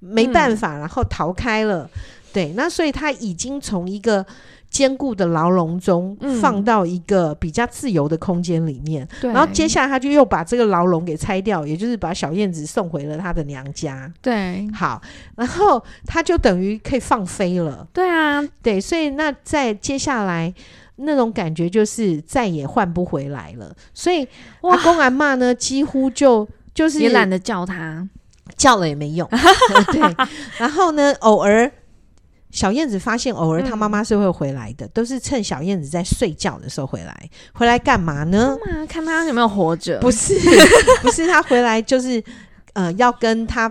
沒辦法、嗯，然後逃開了。對，那所以他已經從一個堅固的牢籠中放到一個比較自由的空間裡面，嗯，然後接下來他就又把這個牢籠給拆掉，也就是把小燕子送回了他的娘家。對，好，然後他就等於可以放飛了。對啊，對，所以那在接下來那種感覺就是再也換不回來了。所以阿公阿媽呢，幾乎就就是也懶得叫他，叫了也沒用。 對， 然後呢，偶爾。小燕子發現，偶爾她媽媽是會回來的、嗯，都是趁小燕子在睡覺的時候回來。回來幹嘛呢？啊？看他有沒有活着？ 不是， 不是，他回來就是，呃，要跟他。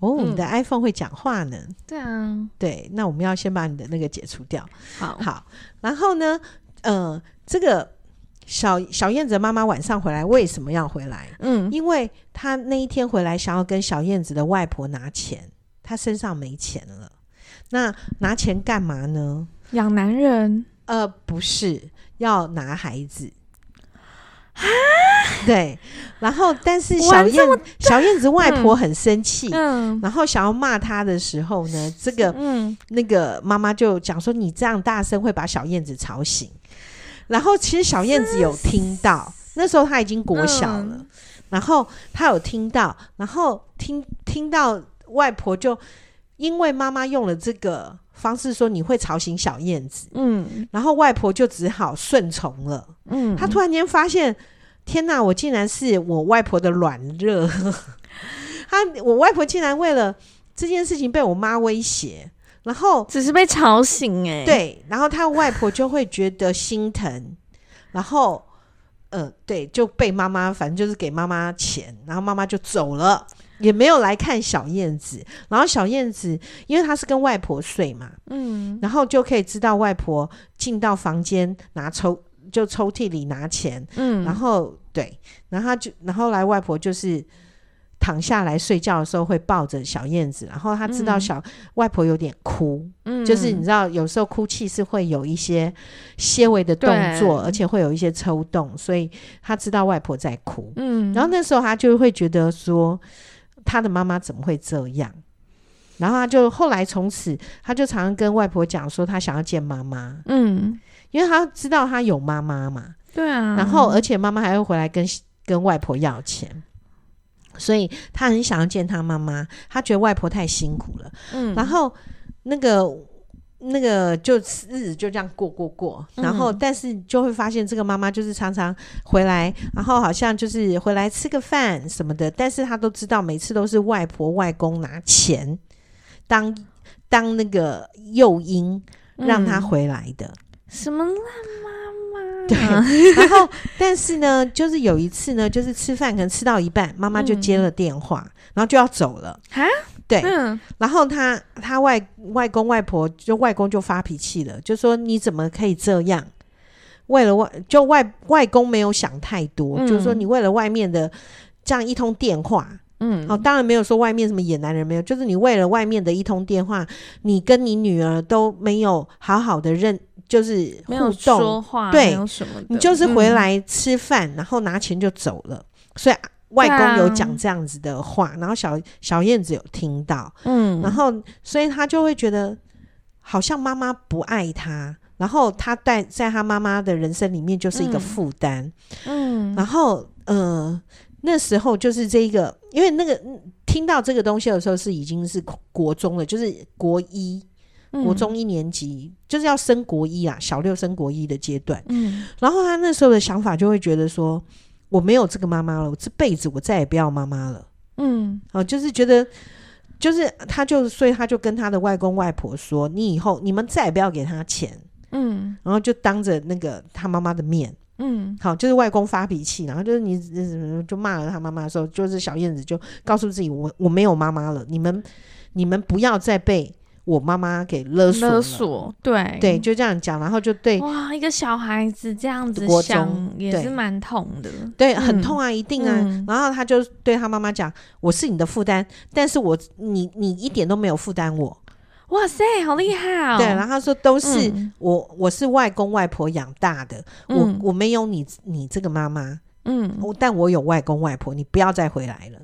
哦，嗯、你的 iPhone 會講話呢？對啊，對，那我們要先把你的那個解除掉。好，好，然後呢，呃，這個小小燕子媽媽晚上回來為什麼要回來？嗯，因為她那一天回來想要跟小燕子的外婆拿錢。她身上沒錢了，那拿錢幹嘛呢？養男人？呃，不是，要拿孩子啊。對，然後但是小燕小燕子外婆很生氣、嗯嗯，然後想要罵她的時候呢，這個嗯，那個媽媽就講說：“你這樣大聲會把小燕子吵醒。”然後其實小燕子有聽到，嗯、那時候她已經國小了、嗯，然後她有聽到，然後聽聽到。外婆就因為媽媽用了這個方式說你會吵醒小燕子，嗯，然後外婆就只好順從了，嗯，她突然間發現，天吶，我竟然是我外婆的軟弱， 她我外婆竟然為了這件事情被我媽威脅，然後只是被吵醒哎，欸，對，然後她外婆就會覺得心疼， 然後，嗯、呃，對，就被媽媽反正就是給媽媽錢，然後媽媽就走了。也沒有來看小燕子，然後小燕子因為她是跟外婆睡嘛，嗯，然後就可以知道外婆進到房間拿抽就抽屜裡拿錢，嗯，然後對，然後就然後來外婆就是躺下來睡覺的時候會抱着小燕子，然後她知道小、嗯、外婆有點哭，嗯，就是你知道有時候哭泣是會有一些些微的動作，而且會有一些抽動，所以她知道外婆在哭，嗯，然後那時候她就會覺得說。他的媽媽怎麼會這樣？然後他就後來從此，他就常常跟外婆講說，他想要見媽媽。嗯，因為他知道他有媽媽嘛。對啊。然後而且媽媽還會回來跟跟外婆要錢，所以他很想要見他媽媽。他覺得外婆太辛苦了。嗯。然後那個。那個就日子就這樣過過過，然後但是就會發現，這個媽媽就是常常回來，然後好像就是回來吃個飯什麼的，但是她都知道，每次都是外婆外公拿錢當當那個誘因，讓她回來的、嗯。什麼爛媽媽！對，然後但是呢，就是有一次呢，就是吃飯可能吃到一半，媽媽就接了電話，嗯、然後就要走了哈對、嗯，然後他他外外公外婆就外公就發脾氣了，就說，你怎麼可以這樣？為了外就外外公沒有想太多、嗯，就是說你為了外面的這樣一通電話，嗯，哦，當然沒有說外面什麼野男人沒有，就是你為了外面的一通電話，你跟你女兒都沒有好好的認就是互動沒有說話，對沒有什麼，你就是回來吃飯、嗯，然後拿錢就走了，所以。外公有講這樣子的話，啊、然後小小燕子有聽到，嗯，然後所以他就會覺得好像媽媽不愛他，然後他帶在他媽媽的人生裡面就是一個負擔、嗯，嗯，然後呃那時候就是這一個，因為那個聽到這個東西的時候是已經是國中了，就是國一，國中一年級、嗯、就是要升國一啊，小六升國一的階段，嗯，然後他那時候的想法就會覺得說。我沒有這個媽媽了，我這輩子我再也不要媽媽了。嗯，好，就是覺得，就是他就，所以他就跟他的外公外婆說：“你以後你們再也不要給他錢。”嗯，然後就當着那個他媽媽的面，嗯，好，就是外公發脾氣，然後就是你，就罵了他媽媽的時候，就是小燕子就告訴自己：“我我沒有媽媽了，你們，你們不要再被。”我媽媽給勒索勒索，對對，就這樣講，然後就對哇，一個小孩子這樣子想也是蠻痛的，對，很痛啊，一定啊。嗯、然後他就對他媽媽講：“我是你的負擔，但是我你你一點都沒有負擔我。”哇塞，好厲害啊、哦！對，然後他說都是、嗯、我，我是外公外婆養大的，嗯、我我沒有你你這個媽媽，嗯，但我有外公外婆，你不要再回來了。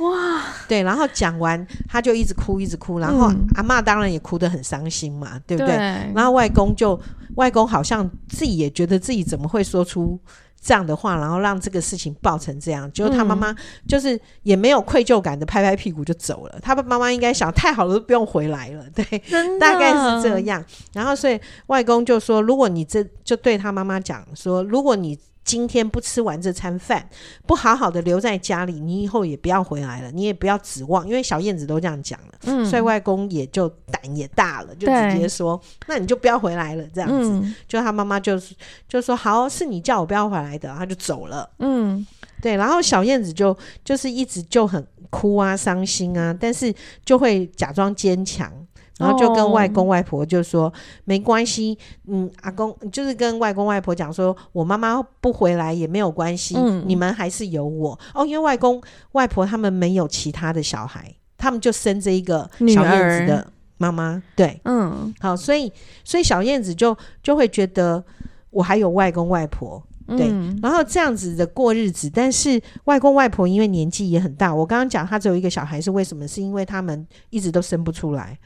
哇，對，然後講完，他就一直哭，一直哭，然後阿嬤當然也哭得很傷心嘛，嗯、對不對？對，然後外公就外公好像自己也覺得自己怎麼會說出這樣的話，然後讓這個事情爆成這樣，就是他媽媽就是也沒有愧疚感的拍拍屁股就走了，嗯、他爸媽媽應該想太好了，都不用回來了，對， 大概是這樣。然後所以外公就說，如果你這就對他媽媽講說，如果你。今天不吃完這餐飯，不好好的留在家裡，你以後也不要回來了，你也不要指望，因為小燕子都這樣講了，所以、嗯、外公也就膽也大了，就直接說，那你就不要回來了，這樣子，嗯、就他媽媽就就說，好，是你叫我不要回來的，然後他就走了，嗯，對，然後小燕子就就是一直就很哭啊，傷心啊，但是就會假裝堅強。然後就跟外公外婆就說、oh. 沒關係，嗯，阿公就是跟外公外婆講說，我媽媽不回來也沒有關係，嗯、你們還是有我哦。因為外公外婆他們沒有其他的小孩，他們就生這一個小燕子的媽媽。對，嗯，好，所以所以小燕子就就會覺得我還有外公外婆。對、嗯，然後這樣子的過日子，但是外公外婆因為年紀也很大，我剛剛講他只有一個小孩是為什麼？是因為他們一直都生不出來。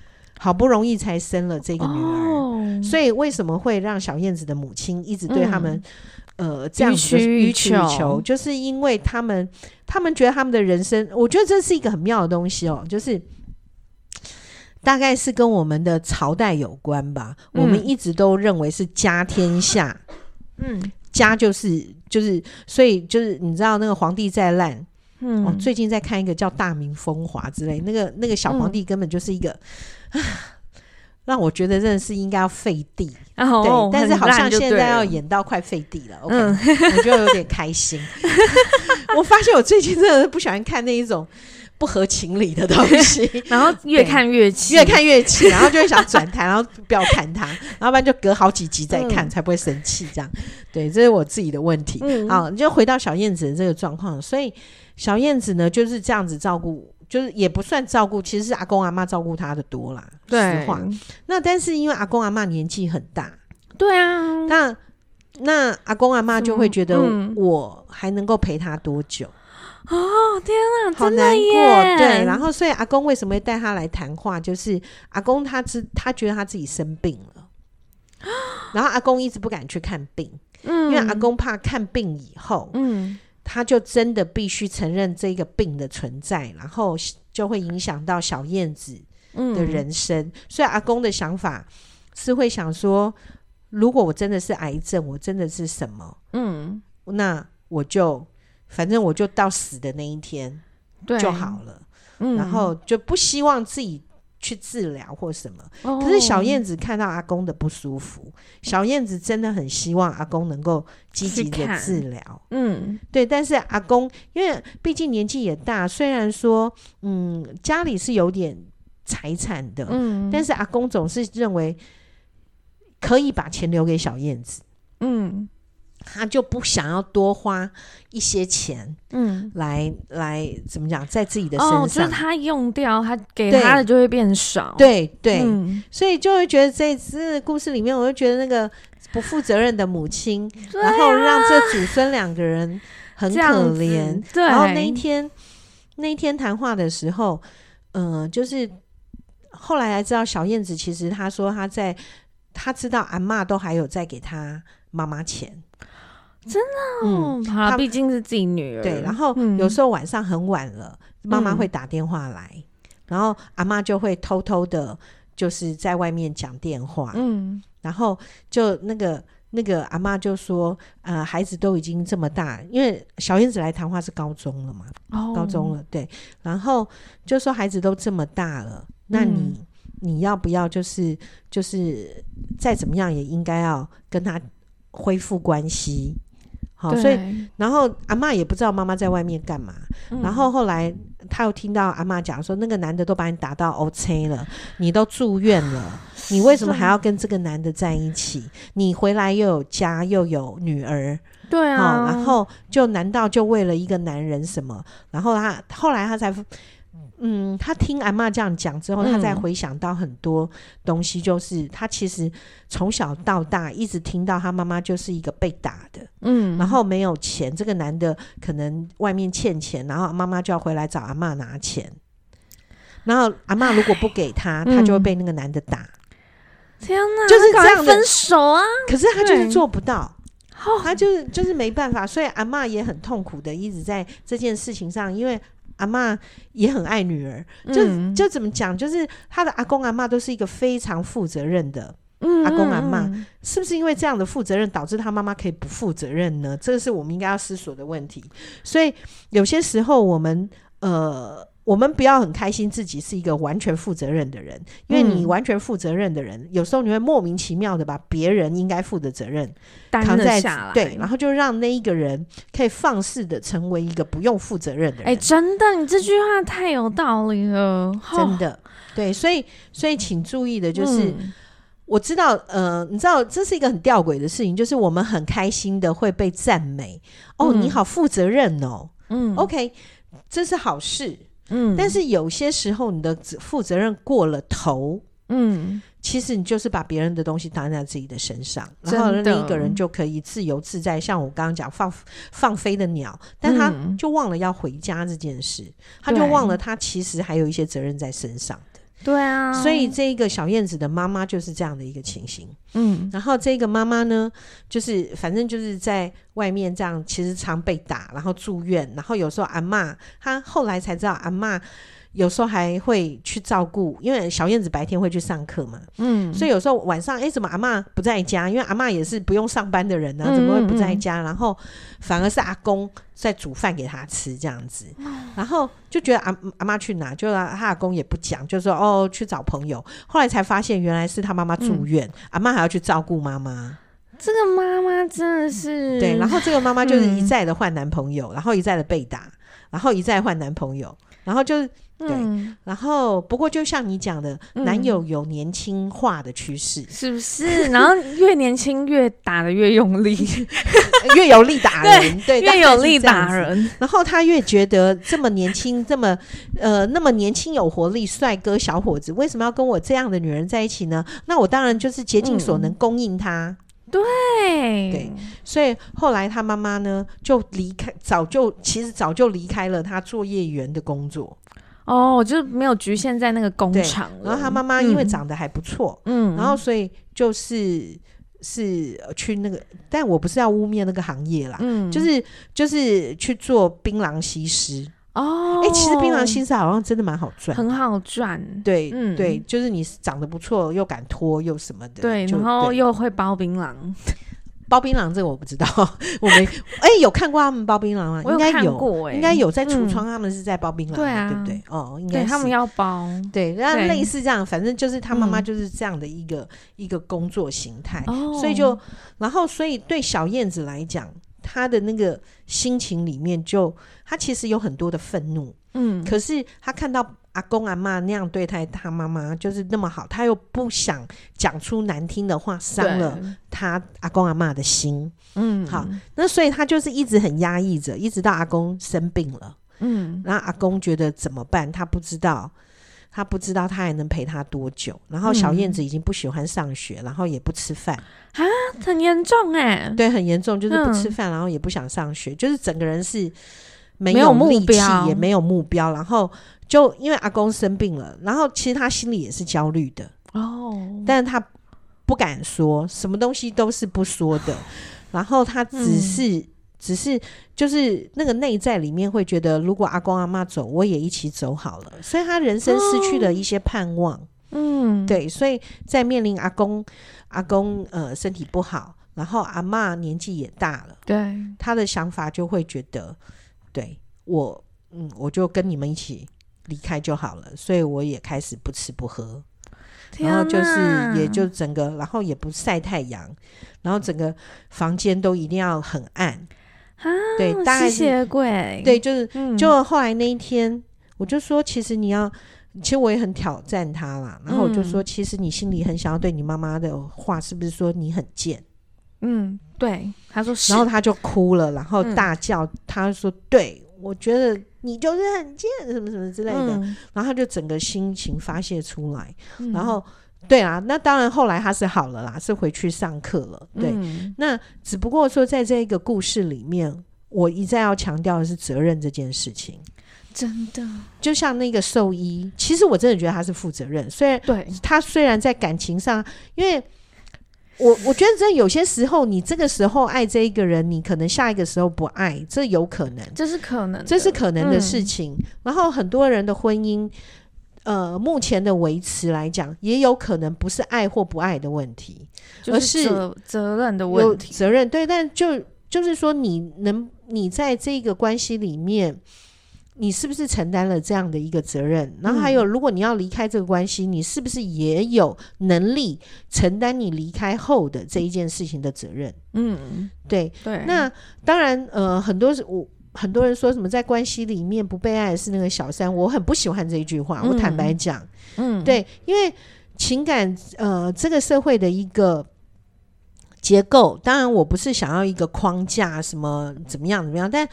好不容易才生了這個女兒，oh, 所以為什麼會讓小燕子的母親一直對他們，嗯、呃，這樣予取予求，就是因為他們，他們覺得他們的人生，我覺得這是一個很妙的東西哦、喔，就是大概是跟我們的朝代有關吧、嗯。我們一直都認為是家天下，嗯，家就是就是，所以就是你知道那個皇帝再爛。嗯、哦，最近在看一個叫《大明風華》之類，那個那個小皇帝根本就是一個，嗯、讓我覺得真的是應該要廢帝、哦。對、哦，但是好像現在要演到快廢帝了，了 okay, 嗯、我覺得有點開心。 我發現我最近真的是不喜歡看那一種。不合情理的東西， 然後越看越氣，越看越氣，然後就會想轉台， 然後不要看他，然後不然就隔好幾集再看， 才不會生氣。這樣，對，這是我自己的問題。好，你、嗯、就回到小燕子的這個狀況，所以小燕子呢就是這樣子照顧，就是也不算照顧，其實是阿公阿嬤照顧她的多啦。對實話，那但是因為阿公阿嬤年紀很大，對啊，那那阿公阿嬤就會覺得我還能夠陪他多久？嗯嗯哦、oh，天啊，好難過。對，然後所以阿公為什麼會帶他來談話？就是阿公他知，他覺得他自己生病了， 然後阿公一直不敢去看病，嗯，因為阿公怕看病以後，嗯，他就真的必須承認這個病的存在，然後就會影響到小燕子的人生、嗯。所以阿公的想法是會想說，如果我真的是癌症，我真的是什麼，嗯，那我就。反正我就到死的那一天就好了，然後就不希望自己去治療或什麼、嗯。可是小燕子看到阿公的不舒服，哦、小燕子真的很希望阿公能夠積極的治療。嗯，對。但是阿公因為畢竟年紀也大，雖然說嗯家裡是有點財產的，嗯，但是阿公總是認為可以把錢留給小燕子。嗯。他就不想要多花一些錢，嗯，來來怎麼講，在自己的身上，哦、就是他用掉，他給他的就會變少，對對、嗯，所以就會覺得這次故事裡面，我就覺得那個不負責任的母親，啊、然後讓這祖孫兩個人很可憐。對，然後那一天，那一天談話的時候，嗯、呃，就是後來才知道，小燕子其實她說她在，她知道阿嬤都還有在給她媽媽錢。真的、喔，她、嗯、畢竟是自己女兒。對，然後、嗯、有時候晚上很晚了，媽媽會打電話來，嗯、然後阿媽就會偷偷的就是在外面講電話。嗯，然後就那個那個阿媽就說：“呃，孩子都已經這麼大，因為小燕子來談話是高中了嘛、哦，高中了。對，然後就說孩子都這麼大了，那你、嗯、你要不要就是就是再怎麼樣也應該要跟他恢復關係？”哦、所以，然後阿嬤也不知道媽媽在外面幹嘛。嗯、然後後來，她又聽到阿嬤講說：“那個男的都把你打到 OK 了，你都住院了、啊，你為什麼還要跟這個男的在一起？你回來又有家又有女兒，對啊、哦。然後就難道就為了一個男人什麼？然後他後來他才。”嗯，他聽阿嬤這樣講之後，他再回想到很多東西，就是、嗯、他其實從小到大一直聽到他媽媽就是一個被打的，嗯，然後沒有錢，這個男的可能外面欠錢，然後媽媽就要回來找阿嬤拿錢，然後阿嬤如果不給他，他就會被那個男的打。天、嗯、哪，就是這樣他分手啊？可是他就是做不到，他就是就是沒辦法，所以阿嬤也很痛苦的，一直在這件事情上，因為。阿媽也很愛女兒，就就怎麼講？就是他的阿公阿媽都是一個非常負責任的。阿公阿媽是不是因為這樣的負責任，導致他媽媽可以不負責任呢？這是我們應該要思索的問題。所以有些時候，我們呃。我們不要很開心自己是一個完全負責任的人，因為你完全負責任的人，嗯，有時候你會莫名其妙的把別人應該負的責任擔在下來，對，然後就讓那一個人可以放肆的成為一個不用負責任的人。哎、欸，真的，你這句話太有道理了， 真的。對，所以所以請注意的就是，嗯，我知道，呃，你知道，這是一個很吊詭的事情，就是我們很開心的會被讚美、嗯、哦，你好負責任哦，嗯，OK，這是好事。嗯，但是有些時候你的負責任過了頭，嗯，其實你就是把別人的東西擔在自己的身上，然後另一個人就可以自由自在。像我剛剛講，放放飛的鳥，但他就忘了要回家這件事，嗯，他就忘了他其實還有一些責任在身上。對啊，所以這個小燕子的媽媽就是這樣的一個情形。嗯，然後這個媽媽呢，就是反正就是在外面這樣，其實常被打，然後住院，然後有時候阿嬤，她後來才知道阿嬤。有時候還會去照顧，因為小燕子白天會去上課嘛，嗯，所以有時候晚上，哎、欸，怎麼阿嬤不在家？因為阿嬤也是不用上班的人呢、啊嗯嗯嗯，怎麼會不在家？然後反而是阿公在煮飯給她吃這樣子，嗯，然後就覺得阿阿嬤去哪？就、啊、他阿公也不講，就說哦去找朋友。後來才發現，原來是她媽媽住院，嗯、阿嬤還要去照顧媽媽。這個媽媽真的是對，然後這個媽媽就是一再的換男朋友、嗯，然後一再的被打，然後一再換男朋友，然後就。對、嗯，然後不過就像你講的，男友有年輕化的趨勢，嗯、是不是？然後越年輕越打的越用力， 越力，越有力打人，對，越有力打人。然後他越覺得這麼年輕， 這麼呃那麼年輕有活力， 帥哥小伙子，為什麼要跟我這樣的女人在一起呢？那我當然就是竭盡所能供應他。嗯、對，對，所以後來他媽媽呢就離開，早就其實早就離開了他作業員的工作。哦，就是沒有局限在那個工廠。然後他媽媽因為長得還不錯，嗯，然後所以就是是去那個，但我不是要污衊那個行業啦，嗯，就是就是去做檳榔西施。哦，哎、欸，其實檳榔西施好像真的蠻好賺，很好賺。對、嗯，對，就是你長得不錯，又敢脫又什麼的，對，然後又會包檳榔。 包檳榔這個我不知道，我們哎、 欸、有看過他們包檳榔嗎？ 應該有，欸、應該有在櫥窗，他們是在包檳榔，嗯、對、啊、對不對？哦，應該他們要包，對，那類似這樣，反正就是他媽媽、嗯、就是這樣的一個一個工作形態，所以就，然後所以對小燕子來講，她的那個心情裡面就，她其實有很多的憤怒，嗯，可是她看到。阿公阿嬤那樣對待他媽媽，就是那麼好。他又不想講出難聽的話，傷了他阿公阿嬤的心。嗯，好，那所以他就是一直很壓抑着，一直到阿公生病了。嗯，然後阿公覺得怎麼辦？他不知道，他不知道他還能陪他多久。然後小燕子已經不喜歡上學，然後也不吃飯啊、嗯，很嚴重哎、欸。對，很嚴重，就是不吃飯、嗯，然後也不想上學，就是整個人是沒有力氣，沒有目標，也沒有目標，然後。就因為阿公生病了，然後其實他心裡也是焦慮的哦，oh. 但是他不敢說，什麼東西都是不說的，然後他只是、嗯、只是就是那個內在裡面會覺得，如果阿公阿嬤走，我也一起走好了，所以他人生失去了一些盼望，嗯、oh.，對，所以在面臨阿公阿公呃身體不好，然後阿嬤年紀也大了，對他的想法就會覺得，對我，嗯，我就跟你們一起。離開就好了，所以我也開始不吃不喝，然後就是也就整個，然後也不曬太陽，然後整個房間都一定要很暗，嗯、對，大概是，謝謝鬼對，就是、嗯、就後來那一天，我就說，其實你要，其實我也很挑戰他啦。然後我就說、嗯，其實你心裡很想要對你媽媽的話，是不是說你很賤？嗯，對。他說是，然後他就哭了，然後大叫，嗯、他就說，對。我覺得你就是很賤，什麼什麼之類的，然後他就整個心情發洩出來，然後對啊，那當然後來他是好了啦，是回去上課了。對，那只不過說在這一個故事裡面，我一再要強調的是責任這件事情，真的就像那個獸醫，其實我真的覺得他是負責任，雖然對他雖然在感情上，因為。我我覺得在有些時候，你這個時候愛這一個人，你可能下一個時候不愛，這有可能，這是可能的，這是可能的事情，嗯。然後很多人的婚姻，呃，目前的維持來講，也有可能不是愛或不愛的問題，就是，而是責任的問題。責任對，但就就是說，你能你在這個關係裡面。你是不是承擔了這樣的一個責任？然後還有，如果你要離開這個關係，嗯，你是不是也有能力承擔你離開後的這一件事情的責任？嗯，對，對。那當然，呃，很多我很多人說什麼在關係裡面不被愛是那個小三，我很不喜歡這一句話。我坦白講，嗯，嗯，對，因為情感，呃，這個社會的一個結構，當然我不是想要一個框架，什麼怎麼樣怎麼樣，但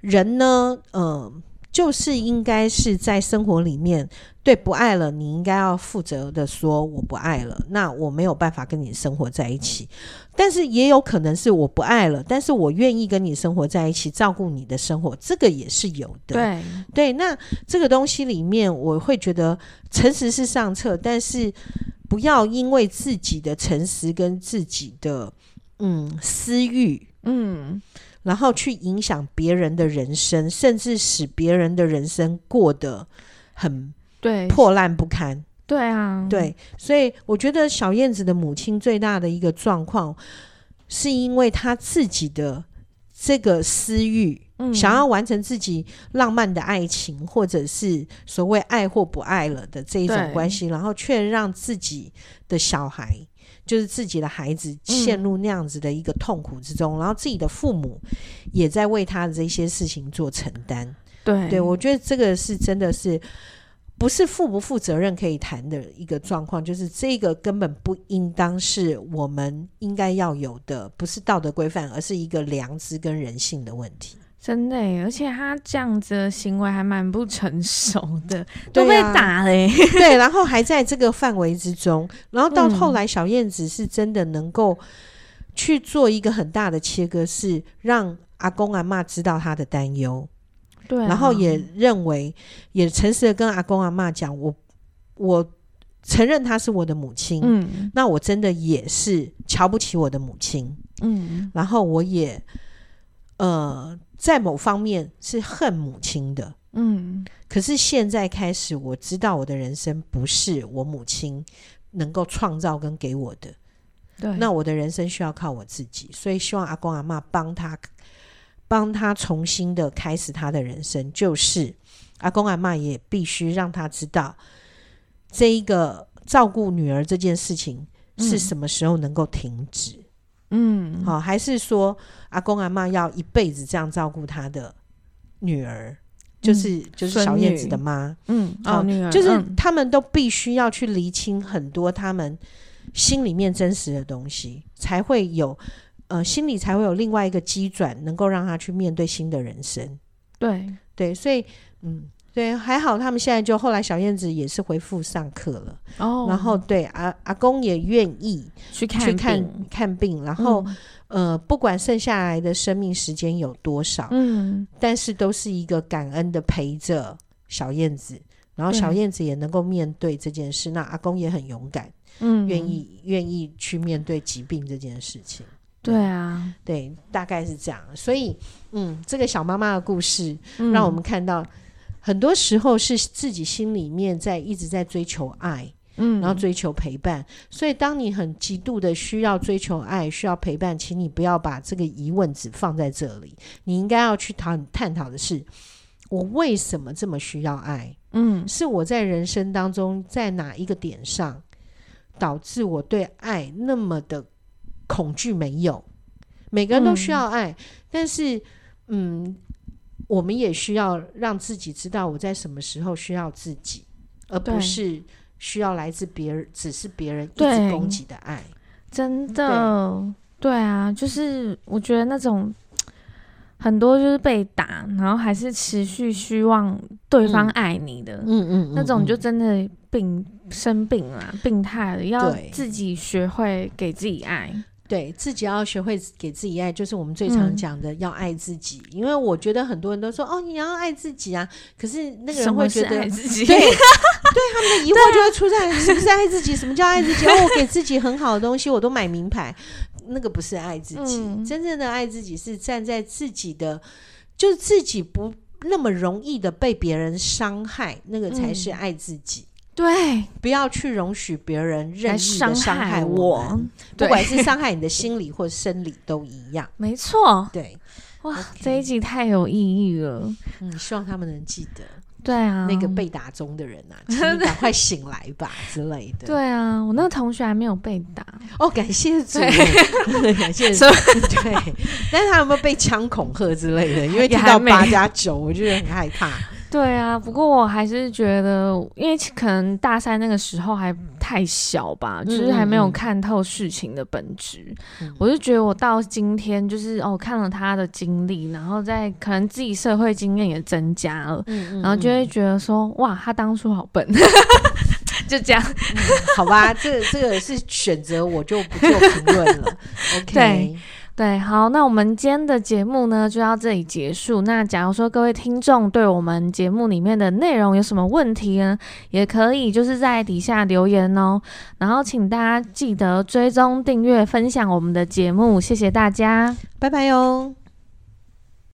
人呢，嗯，呃。就是應該是在生活裡面，對，不愛了，你應該要負責的說我不愛了，那我沒有辦法跟你生活在一起。但是也有可能是我不愛了，但是我願意跟你生活在一起，照顧你的生活，這個也是有的。對，對，那這個東西裡面，我會覺得誠實是上策，但是不要因為自己的誠實跟自己的，嗯，私欲。嗯。然後去影響別人的人生，甚至使別人的人生過得很對，破爛不堪對。對啊，對，所以我覺得小燕子的母親最大的一個狀況，是因為她自己的這個私欲、嗯，想要完成自己浪漫的愛情，或者是所謂愛或不愛了的這一種關係，然後卻讓自己的小孩。就是自己的孩子陷入那樣子的一個痛苦之中，嗯，然後自己的父母也在為他的這些事情做承擔。對，對，我覺得這個是真的是不是負不負責任可以談的一個狀況，就是這個根本不應當是我們應該要有的，不是道德規範，而是一個良知跟人性的問題。真的，欸，而且他這樣子的行為還蠻不成熟的， 都被打了對，啊。 對，然後還在這個範圍之中，然後到後來，小燕子是真的能夠去做一個很大的切割，是讓阿公阿嬤知道他的擔憂，對，啊，然後也認為也誠實的跟阿公阿嬤講，我我承認她是我的母親，嗯，那我真的也是瞧不起我的母親，嗯，然後我也呃。在某方面是恨母親的，嗯，可是現在開始，我知道我的人生不是我母親能夠創造跟給我的，對，那我的人生需要靠我自己，所以希望阿公阿嬤幫他，幫他重新的開始他的人生，就是阿公阿嬤也必須讓他知道，這一個照顧女兒這件事情是什麼時候能夠停止。嗯嗯，好、哦，還是說阿公阿媽要一輩子這樣照顧他的女兒，就、嗯、是就是小燕子的媽，嗯，哦，女兒，就是他們都必須要去釐清很多他們心裡面真實的東西，才會有呃心裡才會有另外一個機轉，能夠讓他去面對新的人生。對對，所以嗯。對，還好他們現在就後來小燕子也是恢復上課了，oh. 然後對阿、啊、阿公也願意去看去看病看病，然後、嗯、呃不管剩下來的生命時間有多少，嗯，但是都是一個感恩的陪着小燕子，然後小燕子也能夠面對這件事、嗯，那阿公也很勇敢，嗯，願意願意去面對疾病這件事情、嗯，對啊，對，大概是這樣，所以嗯，這個小媽媽的故事讓我們看到。嗯很多時候是自己心裡面在一直在追求愛，嗯，然後追求陪伴。所以當你很極度的需要追求愛、需要陪伴，請你不要把這個疑問只放在這裡。你應該要去討探討的是：我為什麼這麼需要愛？嗯，是我在人生當中在哪一個點上導致我對愛那麼的恐懼？沒有，每個人都需要愛，嗯、但是，嗯。我們也需要讓自己知道我在什麼時候需要自己，而不是需要來自別人，只是別人一直攻擊的愛。真的對，對啊，就是我覺得那種很多就是被打，然後還是持續希望對方愛你的，嗯嗯，嗯，嗯，那種就真的病生病了，啊嗯，病態了，要自己學會給自己愛。對自己要學會給自己愛，就是我們最常講的、嗯、要愛自己。因為我覺得很多人都說哦，你要愛自己啊，可是那個人會覺得對， 對他們的疑惑就會出在是不是愛自己？什麼叫愛自己、 哦？我給自己很好的東西，我都買名牌，那個不是愛自己。嗯、真正的愛自己是站在自己的，就是自己不那麼容易的被別人傷害，那個才是愛自己。嗯對，不要去容許別人任意的傷害我，害我，不管是傷害你的心理或生理都一樣。沒錯，對，哇、okay，這一集太有意義了。你、嗯、希望他們能記得，對啊，那個被打中的人吶、啊，真的趕快醒來吧 之類的。對啊，我那個同學還沒有被打哦，oh, 感謝主，對， 感謝主， 對。但是他有沒有被槍恐嚇之類的？因為聽到八加九，我覺得很害怕。對啊，不過我還是覺得，因為可能大三那個時候還太小吧，嗯嗯嗯，就是還沒有看透事情的本質。嗯嗯。我就覺得我到今天，就是哦，看了他的經歷，然後在可能自己社會經驗也增加了嗯嗯嗯，然後就會覺得說，哇，他當初好笨， 就這樣。嗯、好吧， 這個，這個是選擇，我就不做評論了。 OK。對對，好，那我們今天的節目呢，就到這裡結束。那假如說各位聽眾對我們節目裡面的內容有什麼問題呢，也可以就是在底下留言哦。然後請大家記得追蹤、訂閱、分享我們的節目，謝謝大家，拜拜喲、哦。